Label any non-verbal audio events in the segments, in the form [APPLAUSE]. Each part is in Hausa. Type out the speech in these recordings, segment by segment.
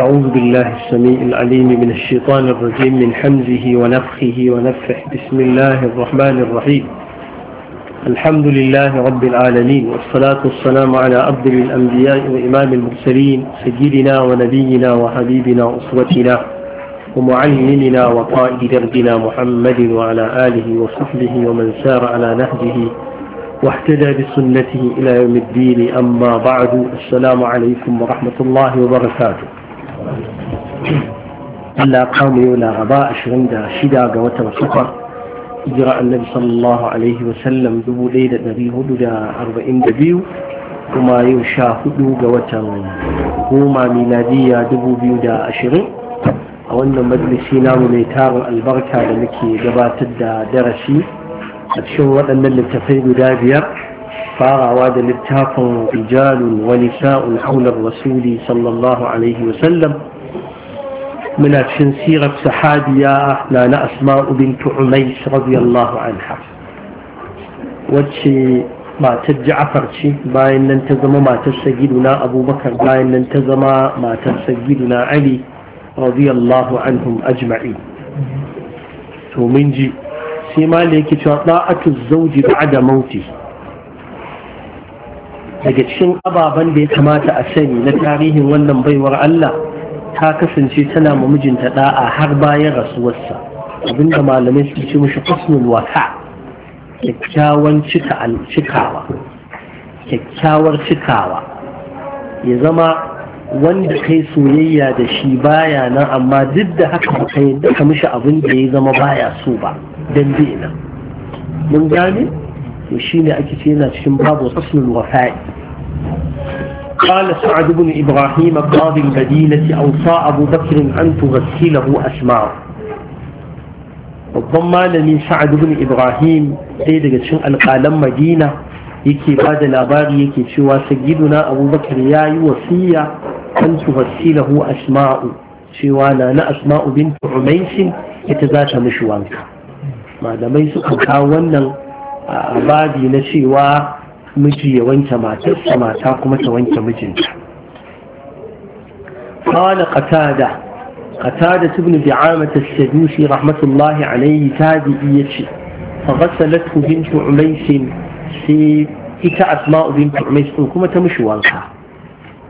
أعوذ بالله السميع العليم من الشيطان الرجيم من حمزه ونفخه ونفح بسم الله الرحمن الرحيم الحمد لله رب العالمين والصلاة والسلام على عبد الأنبياء وإمام المرسلين سيدنا ونبينا وحبيبنا وأسوتنا ومعلمنا وقائد دربنا محمد وعلى آله وصحبه ومن سار على نهجه واهتدى بسنته إلى يوم الدين أما بعد السلام عليكم ورحمة الله وبركاته Allah kamu yau laraba shida ga watan safar hijira annabi sallallahu alaihi wasallam biyu, kuma yau sha hudu ga watan goma miladiya ashirin. a wannan majalisi namu mai tarin albarka da muke gabatar da darasi a cikin waɗannan littattafai guda biyar farawa da littafin rijalun wa nisa'un haular rasuli sallallahu alaihi wasallam muna cikin sirar sahabiya na na asma'u bintu umais radiyallahu anha wacce matar ja'afar ce bayan nan ta zama matar sagiduna abubakar bayan nan ta zama matar sagiduna ali radiyallahu anhum ajma'i to min ji sai ma da yake cewa da'atu zauji ba'da mauti daga cikin ababen da ya kamata a sani na tarihin wannan baiwar Allah ta kasance tana ma mijinta da'a har bayan rasuwarsa abinda malamai su ce mushi husnul wata kyakkyawan cikawa kyakkyawar cikawa ya zama wanda kai soyayya da shi baya nan amma duk da haka ka yadda ka mishi abin da ya zama baya so ba dan nan mun gane to shine ake ce cikin babu aslul wafa'i قال سعد بن إبراهيم قاضي المدينة أوصى أبو بكر أن تغسله أسماء babban malami sa'ad ibn ibrahim ɗaya daga cikin alƙalan madina yake ba da labari yake cewa sagiduna abubakar ya yi wasiya an tufassilahu asma'u cewa na na asma'u bin umaisin ita za ta mishi wanka malamai suka kawo wannan a babi na cewa miji ya wanke matarsa mata kuma ta wanke mijinta. Kwana katada, katada su bin da amata shadushi rahmatullahi alaihi nan yi ta bi iya ce, a rasa latuhin turmai sai ita asma'ubin kuma ta mishi wanka,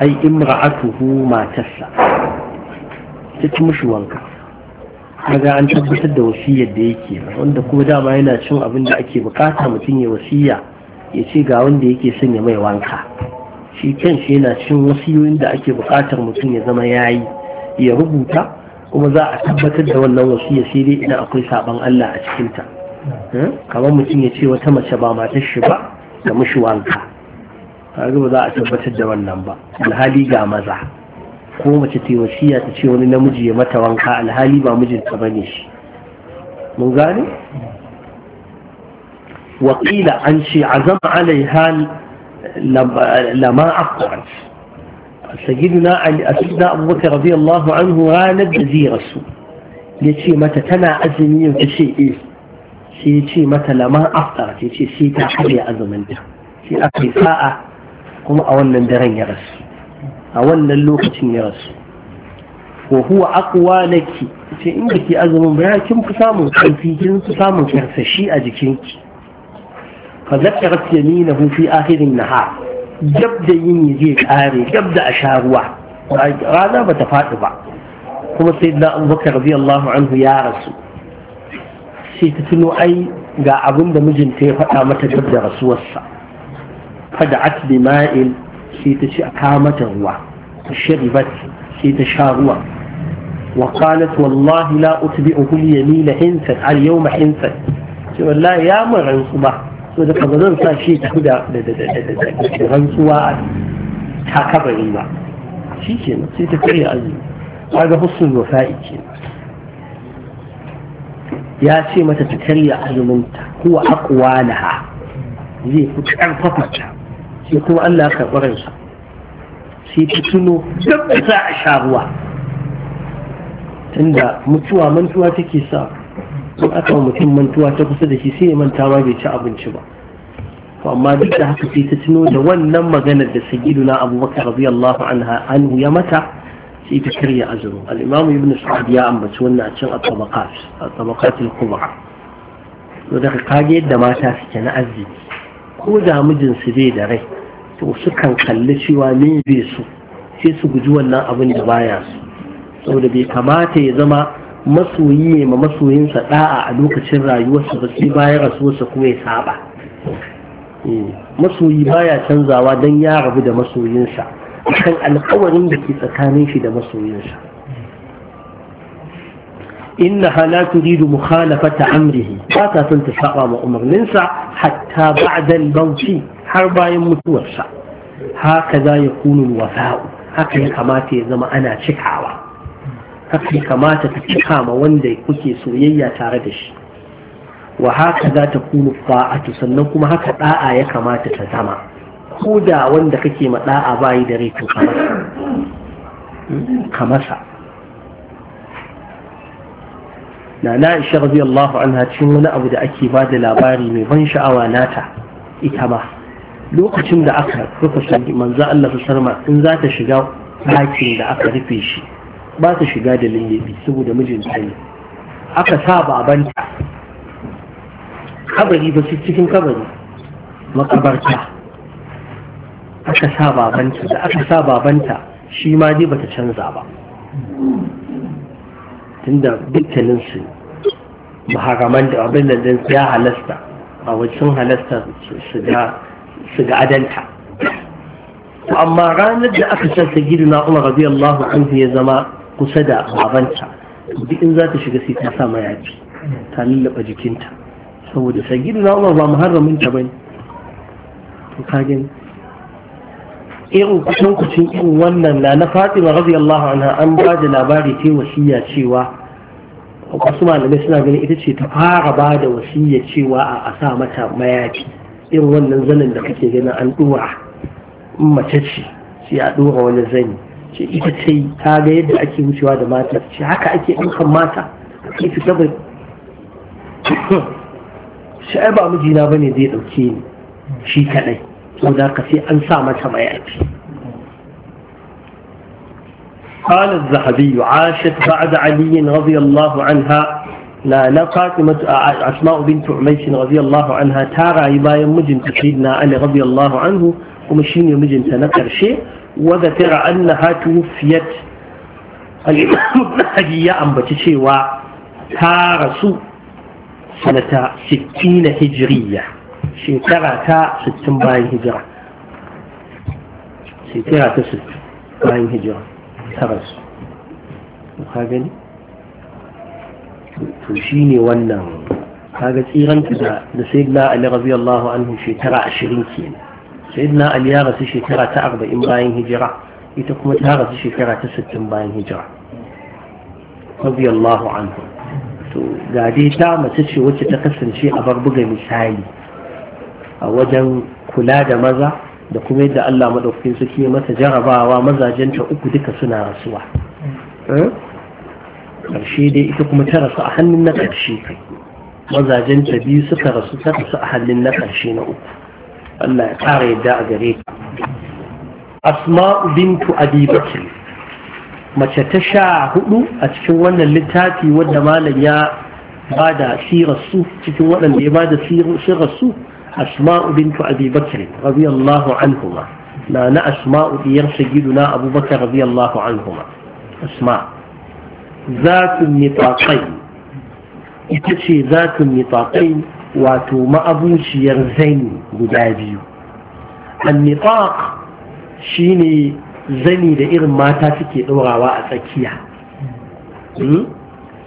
ai imra'atuhu matarsa, ta ci wanka. kaga an tabbatar da wasiyar da yake wanda kuma dama yana cin abin da ake bukata mutum ya wasiya ya ce ga wanda yake son ya mai wanka shi kan yana cin wasiyoyin da ake bukatar mutum ya zama yayi ya rubuta kuma za a tabbatar da wannan wasiya sai dai idan akwai saban Allah a cikin ta hmm? kamar mutum ya ce wata mace ba matar shi ba ga mishi wanka kaga ba za a tabbatar da wannan ba alhali ga maza ko mace ta wasiya ta ce wani namiji ya mata wanka alhali ba mijinta ba ne shi mun gane wakila an ce azam alaiha lama akwai sagidina asibina abubakar radiyallahu anhu ranar da zai su ya ce mata tana azumi yau ta ce eh sai ya ce mata lama aftar ya ce sai ta haɗe azumin ta sai aka yi sa'a kuma a wannan daren ya rasu a wannan lokacin ya rasu wa huwa aqwa laki ce in azumin ba kin fi samun karfi kin fi samun karsashi a jikinki fa zakarat yaminahu ahirin na ha, gab da yini zai kare gab da asharuwa rana ba ta faɗi ba kuma sai da abubakar radiyallahu anhu ya rasu sai ta tuno ai ga abin da mijinta ya faɗa mata gab da rasuwarsa fada'at bima'il sai ta ce a kawo mata ruwa ta sharibat sai ta sha ruwa وقالت والله لا أتبعه اليمين حنسا اليوم حنسا شو والله يا من رنسوا so da kaba zan sa shi ku da rantsuwa ta kabari ba shi ke nan sai ta karya azumi kaga husnul wafa'i ke ya ce mata ta karya azuminta huwa aqwalaha zai fi karfafa ta sai kuma Allah ya karɓi ransa sai ta tuno duk da za a sha ruwa tunda mutuwa mantuwa take sa in aka mutum mantuwa ta kusa da shi sai ya manta ma bai ci abinci ba to amma duk da haka sai ta tuno da wannan maganar da sayyiduna abubakar radiyallahu anha anhu ya mata sai ta karya azuru al-imam ibn sa'd ya ambaci wannan a cikin at-tabaqat at-tabaqat al-kubra to da kage yadda mata suke na arziki ko da mijinsu bai da rai to sukan kalli cewa me bai su sai su guji wannan abin da baya su saboda bai kamata ya zama masoyi ne ma masoyinsa da'a a lokacin rayuwarsa ba sai bayan rasuwarsa kuma ya saba eh, masoyi baya canzawa don ya rabu da masoyinsa kan alkawarin da ke tsakanin shi da masoyinsa ta لا تريد مخالفة ta لا تنتفع umarninsa hatta بعد الموت har bayan mutuwarsa haka za ya kunu wasa'u haka ya kamata ya zama ana cikawa haka ya kamata ta cika ma wanda kuke soyayya tare da shi wa haka za ta kunu fa'atu sannan kuma haka da'a ya kamata ta zama ko da wanda kake ma da'a bayi da rai to kamasa na na isha Allah anha cikin wani abu da ake ba da labari mai ban sha'awa nata ita ba lokacin da aka rufe manzo Allah sallama in za ta shiga ɗakin da aka rufe shi ba ta shiga da lullubi saboda mijinta ne aka sa babanta kabari ba su cikin kabari makabarta aka sa babanta da aka sa babanta shi ma dai bata canza ba tunda dukkaninsu maharaman da abin da ya halasta a wajen halasta su ga su ga adalta amma ranar da aka san sagidu na umar radiyallahu anhu ya zama kusa da babanta duk in za ta shiga sai ta sa mayafi ta lullaba jikinta saboda sagidu na umar ba muharramin ta bane to ka gani irin kusan kucin irin wannan na na fatima radiyallahu anha an ba da labari ta wasiya cewa wasu malamai suna ganin ita ce ta fara ba da wasiya cewa a sa mata mayafi irin wannan zanen da kake gani an ɗora mace ce sai a ɗora wani zani ce ita ce ta ga yadda ake wucewa da mata ce haka ake ɗaukan mata ake fita bai shi [COUGHS] ai ba mijina ba ne zai ɗauke ni shi kaɗai saboda ka sai an sa mata mayafi قال الذهبي عاشت بعد علي رضي الله عنها لا لا قاتمة أسماء آه، بنت عميس رضي الله عنها تارع يبايا مجن تسيدنا علي رضي الله عنه ومشين يمجن تنكر شيء وذكر أنها توفيت الإمام [COUGHS] ابن حجي يا تارسو سنة ستين هجرية شيء ترى تا ستين باين هجرة شيء ترى تا ستين باين هجرة تارسو وخاقني to shine wannan kaga tsiranta da da sayyidina ali radiyallahu anhu shekara 20 kenan sayyidina ali ya rasu shekara ta 40 bayan hijira ita kuma ta rasu shekara ta 60 bayan hijira radiyallahu anhu to ga dai ta mace ce wacce ta kasance a bar buga misali a wajen kula da maza da kuma yadda Allah madaukakin suke mata jarabawa mazajenta uku duka suna rasuwa eh? karshe dai ita kuma ta rasu a hannun na ƙarshe kai mazajen ta biyu suka rasu ta rasu a hannun na ƙarshe na uku Allah ya ƙara yadda a gare ta asma'u bintu abi bakir mace ta sha hudu a cikin wannan littafi wadda malam ya ba da sirarsu cikin waɗanda ya ba da sirarsu asma'u bintu abi bakir radiyallahu anhuma na na asma'u diyar sayyiduna abubakar radiyallahu anhuma asma'u zatun nitaƙai ita ce zatun nitaƙai wato ma'abuciyar zani guda biyu shi shine zani da irin mata suke ɗorawa a tsakiya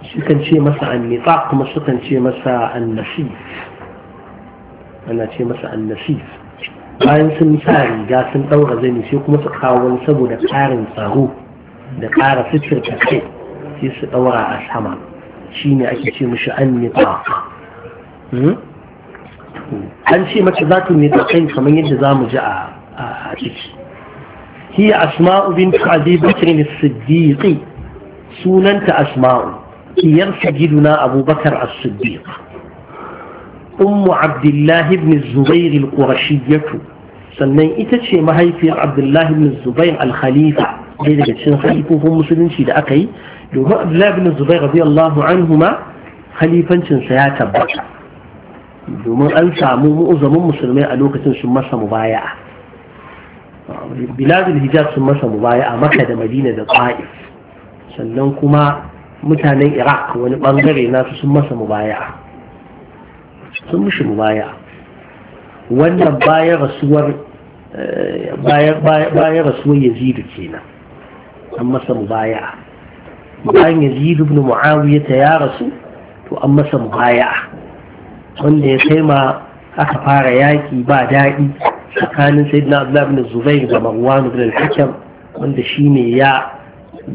sukan ce masa annitaq kuma sukan ce masa annasif ana ce masa annasif bayan sun sa riga sun ɗaura zani sai kuma su kawo wani saboda ƙarin tsaro da ƙara fitar kai sai su ɗaura a hmm? an ce za ta nita kai kamar yadda za mu ji a ciki hiya asma'u bin tukadi bakar siddiqi sunanta asma'u kiyar su na abubakar as-siddiq ummu abdullahi ibn zubair al sannan ita ce mahaifiyar abdullahi ibn zubair al-khalifa daga cikin khalifofin musulunci da aka yi دوغو عبد الله بن الزبير رضي الله عنهما خليفانشن سيا تبتا دومن ان سامو مؤزمن مسلمي ا لوكاتن مبايعة بلاد الهجاز سو مبايعة مبايا مكه مدينه ده طائف متاني kuma mutanen iraq wani مبايعة na مبايعة sun masa mubaya sun mushi mubaya wannan bayan rasuwar bayan yazid ibn muawiya ta ya rasu to an masa mubaya wanda ya kai ma aka fara yaki ba daɗi tsakanin sayyidina abdullahi ibn zubair da marwan ibn al-hakam wanda shine ya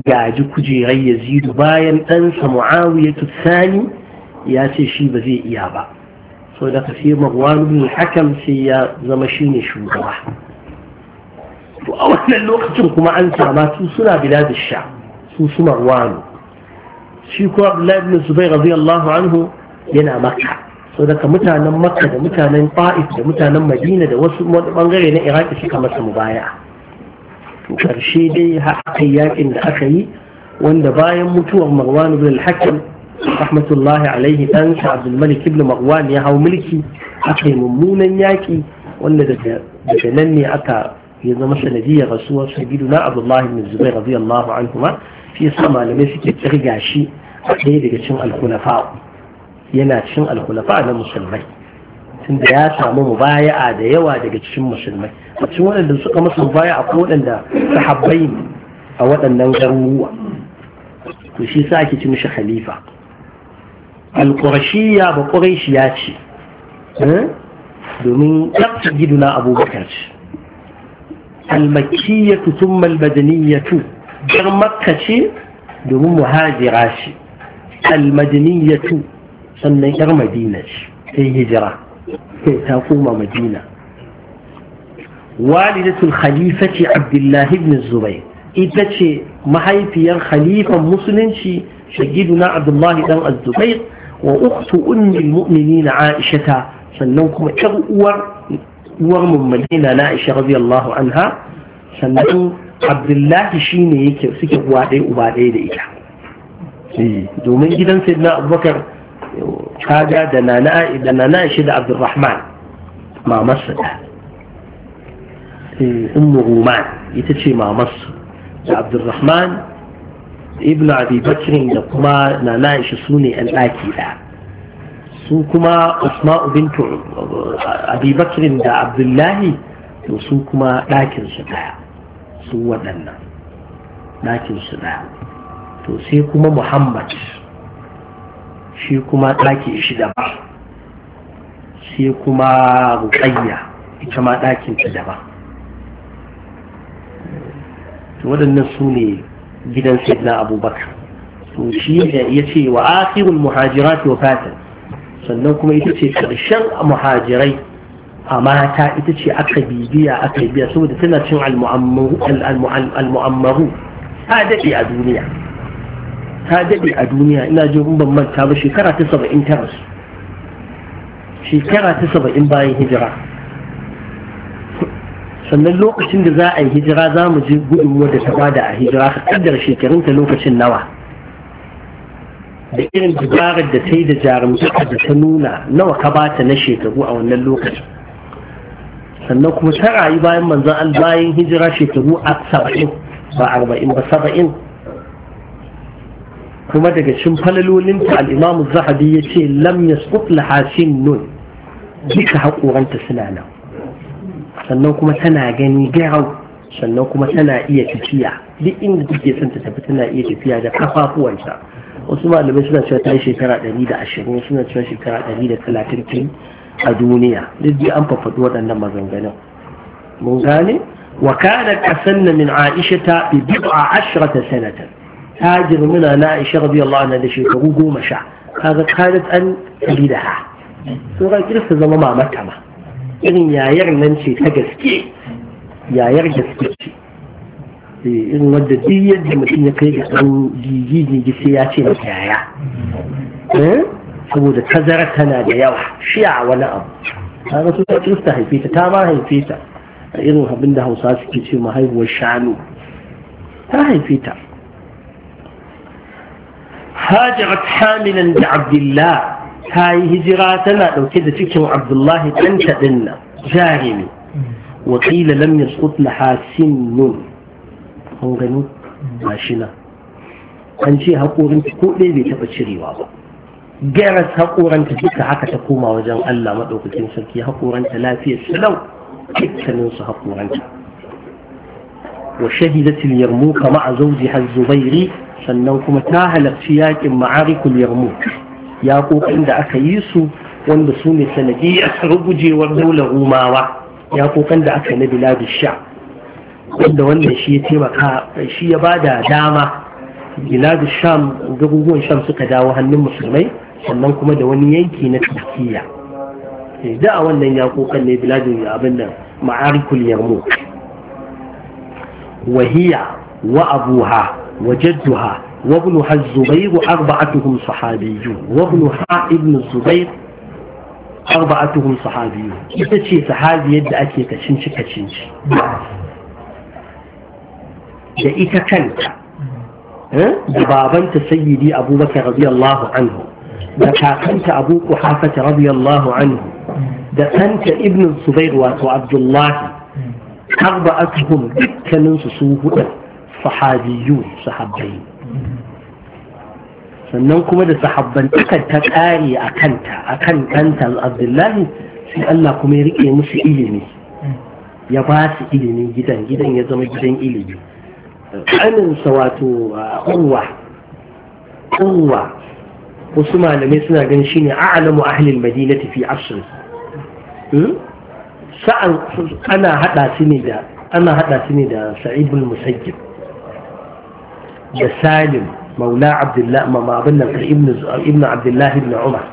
gaji kujerar yazid bayan ɗansa muawiya tsani ya ce shi ba zai iya ba so da ka sai marwan ibn al-hakam sai ya zama shine shugaba to a wannan lokacin kuma an sama su suna biladun sha su su marwanu shi kuwa abdullahi ibn zubai radiyallahu anhu yana makka sau daga mutanen makka da mutanen fa'if da mutanen madina da wasu bangare na iraki suka masa mu baya karshe dai haka yakin da aka yi wanda bayan mutuwar marwan ibn al-hakim rahmatullahi alaihi dan abdul malik ibn marwan ya hau mulki aka yi mummunan yaki wanda daga nan ne aka ya zama sanadiyar rasuwar sabidu na abdullahi bin zubair radiyallahu ma shi yasa malamai suke kirga shi a ɗaya daga cin alkulafa yana cin alkulafa na musulmai tunda ya samu mubaya'a da yawa daga cikin musulmai a cikin waɗanda suka masa mubaya a waɗanda sahabbai a waɗannan garuruwa to shi sa ake ci mishi khalifa alƙurashiya ba ya ce eh? domin ƙarfi giduna abubakar ce almakiyatu thumma almadaniyatu jar makka ce domin muhajira shi almadaniyatu sannan yar madina ce sai hijira sai ta koma madina walidatul khalifati abdullahi ibn zubair ita ce mahaifiyar khalifan musulunci shagiduna abdullahi dan az wa ukhtu ummi al-mu'minin aisha sannan kuma ƴar uwar uwar mummalina na isha radiyallahu anha sannan Abdullahi shine yake suke uwa ɗaya uba ɗaya da ita eh, domin gidan Sayyidina Abubakar kaga da nana da nana da Abdurrahman mamarsa da eh, Ummu Ruman ita ce mamarsa da Abdurrahman ibn Abi da kuma nana isha sune 'yan ɗaki ɗaya su kuma asma'u bintu abibakirin da abdullahi to su kuma ɗakin su ɗaya su waɗannan ɗakin su ɗaya to sai kuma muhammad shi kuma ɗaki shi daban sai kuma ruƙayya ita ma ɗakin ta daban to waɗannan su ne gidan sayyidina abubakar to shi ya ce wa akhirul muhajirati wa fatan sannan kuma ita ce karshen muhajirai a mata ita ce aka bibiya aka biya saboda tana cin al'mu'ammaru ta daɗe a duniya ta daɗe a duniya ina ji ban manta ba shekara ta saba'in tara shekara ta saba'in bayan hijira sannan lokacin da za a yi hijira za mu ji gudunmuwa da ta bada a hijira ka kaddara shekarunta lokacin nawa da irin dabarar da ta yi da jarumta da ta nuna nawa ka ba ta na shekaru a wannan lokacin sannan kuma ta rayu bayan manzan al hijira shekaru a saba'in ba arba'in ba saba'in kuma daga cin falalolinta al'imamu zahabi ya ce lam ya lahasin nun duka haƙoranta suna nan sannan kuma tana gani garau sannan kuma tana iya tafiya duk inda take son ta tafi tana iya tafiya da kafafuwanta wasu malamai suna cewa ta yi shekara 120 wasu suna cewa shekara 130 a duniya duk dai an fafaɗi waɗannan maganganun mun gane wa kana kasanna min aisha ta bi bid'a ashrata sanatan ta girmina na aisha radiyallahu anha da shekaru goma sha kaga kanat an talidaha so ga kirsa zama mamata ma irin yayar nan ce ta gaske yayar gaske in wadda duk yadda mutum ya kai ga ɗan gigi sai ya ce maka yaya saboda tazarar tana da yawa shi a wani abu ta ga su ta ta haife ta ta ma haife ta a irin abin da hausa suke ce ma haihuwar shanu ta haife ta hajarat hamilan da abdullah ta yi hijira tana ɗauke da cikin abdullahi ɗanta ɗin nan jarimi wakila lam yasqut laha sinnun kun gani gashi nan an ce haƙorin ko ɗaya bai taɓa cirewa ba gyaras haƙoranta duka haka ta koma wajen Allah maɗaukakin sarki haƙoranta lafiya silau dukkanin su haƙoranta wa shahidatul yarmuk ma'a zawjiha az-zubairi sannan kuma ta halarci yaƙin ma'arikul yarmuk ya kokarin da aka yi su wanda su ne sanadiyar rugujewar dole rumawa ya kokan da aka na biladu sha wanda wannan shi ya taimaka shi ya ba da dama biladu sham garuruwan sham suka dawo hannun musulmai sannan kuma da wani yanki na turkiya eh, da a wannan yakokan ne biladu abin da ma'arikul yarmu wahiya wa abuha wa jadduha wa ibnuha zubairu arba'atuhum sahabiyyu wa ibnuha ibnu zubair arba'atuhum sahabiyyu ita ce sahabi yadda ake kacin ci da ita kanta eh? da babanta sayyidi abubakar radiyallahu anhu da kakanta abu kuhafata radiyallahu anhu da ɗanta ibn zubair wato abdullahi har ba asuhum dukkaninsu su hudu sahabiyu sahabbai sannan kuma da sahabban ta ƙare a kanta a kan abdullahi sai allah kuma ya rike musu ilimi ya ba su ilimin gidan gidan ya zama gidan ilimi ƙaninsa wato urwa urwa wasu malamai suna gan shi ne a'alamu ahlil madina fi asr hmm? sa'an ana hada su ne da ana hada su ne da sa'id bin musajjib da salim maula abdullahi ma abin nan ibn abdullahi ibn umar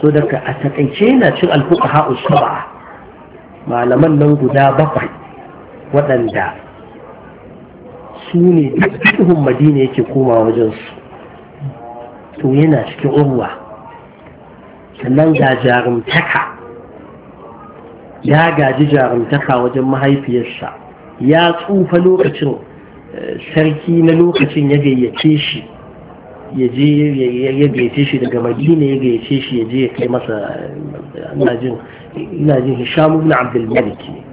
so daga a takaice yana cin alfuqaha usaba malaman nan guda bakwai waɗanda su ne cikin madina yake koma wajensu to yana cikin urwa sannan ga jarumtaka ya gaji jarumtaka wajen mahaifiyarsa ya tsufa lokacin eh, sarki na lokacin ya gayyace shi ya je ya gayyace shi daga madina ya gayyace shi ya je ya kai masa eh, ina jin hisham ibn abdul malik ne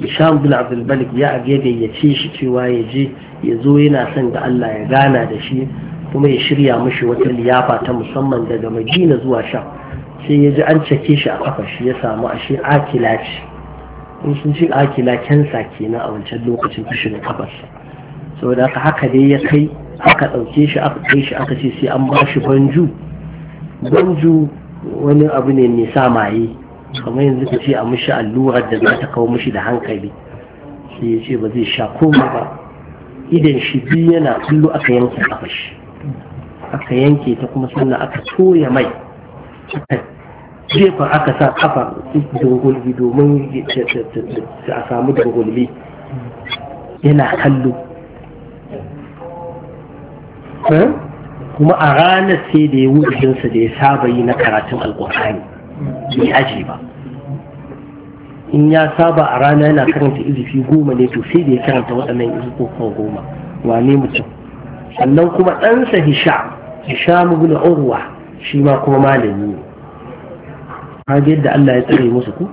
isham bin abdulbalik Malik ya ya gayyace shi cewa ya je ya zo yana son da Allah ya gana da shi kuma ya shirya mishi wata liyafa ta musamman daga Madina zuwa Sham sai ya ji an cake shi a kafa shi ya samu shi akila ce in sun ce akila kensa kenan a wancan lokacin kishin kafarsa saboda haka haka dai ya kai aka ɗauke shi aka kai shi aka ce sai an ba shi banju banju wani abu ne mai sa maye kamar yanzu ka ce a mashi allurar da za ta kawo mushi da hankali sai ya ce ba zai sha koma ba idan shi biyu yana kullu aka yanke kafa aka yanke ta kuma sannan aka soya mai jefa aka sa kafa dangulbi domin a samu dangulbi yana kallo kuma a ranar sai da ya wujinsa da ya saba yi na karatun alkur'ani bai aji ba in ya saba a rana yana karanta izifi goma ne to sai da ya karanta waɗannan izikokan goma wane mutum sannan kuma ɗansa hisham hisham bin urwa shi ma kuma malami ne ga yadda Allah ya tsare musu ku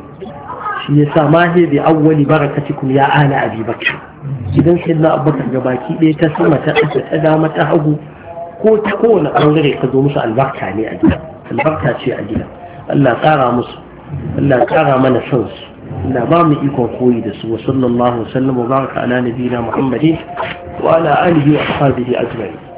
shi ya sa ma hebe awwali barakatikum ya ala abi bakr idan sai na abubakar ga baki ɗaya ta sama ta ta dama ta hagu ko ta kowane ɓangare ka zo musu albarka ne a gida albarka ce a gida Allah ƙara musu Allah ƙara mana son su Allah ba mu ikon koyi da su wa sallallahu alaihi wa sallam wa baraka ala nabiyina Muhammadin wa ala alihi wa ashabihi ajma'in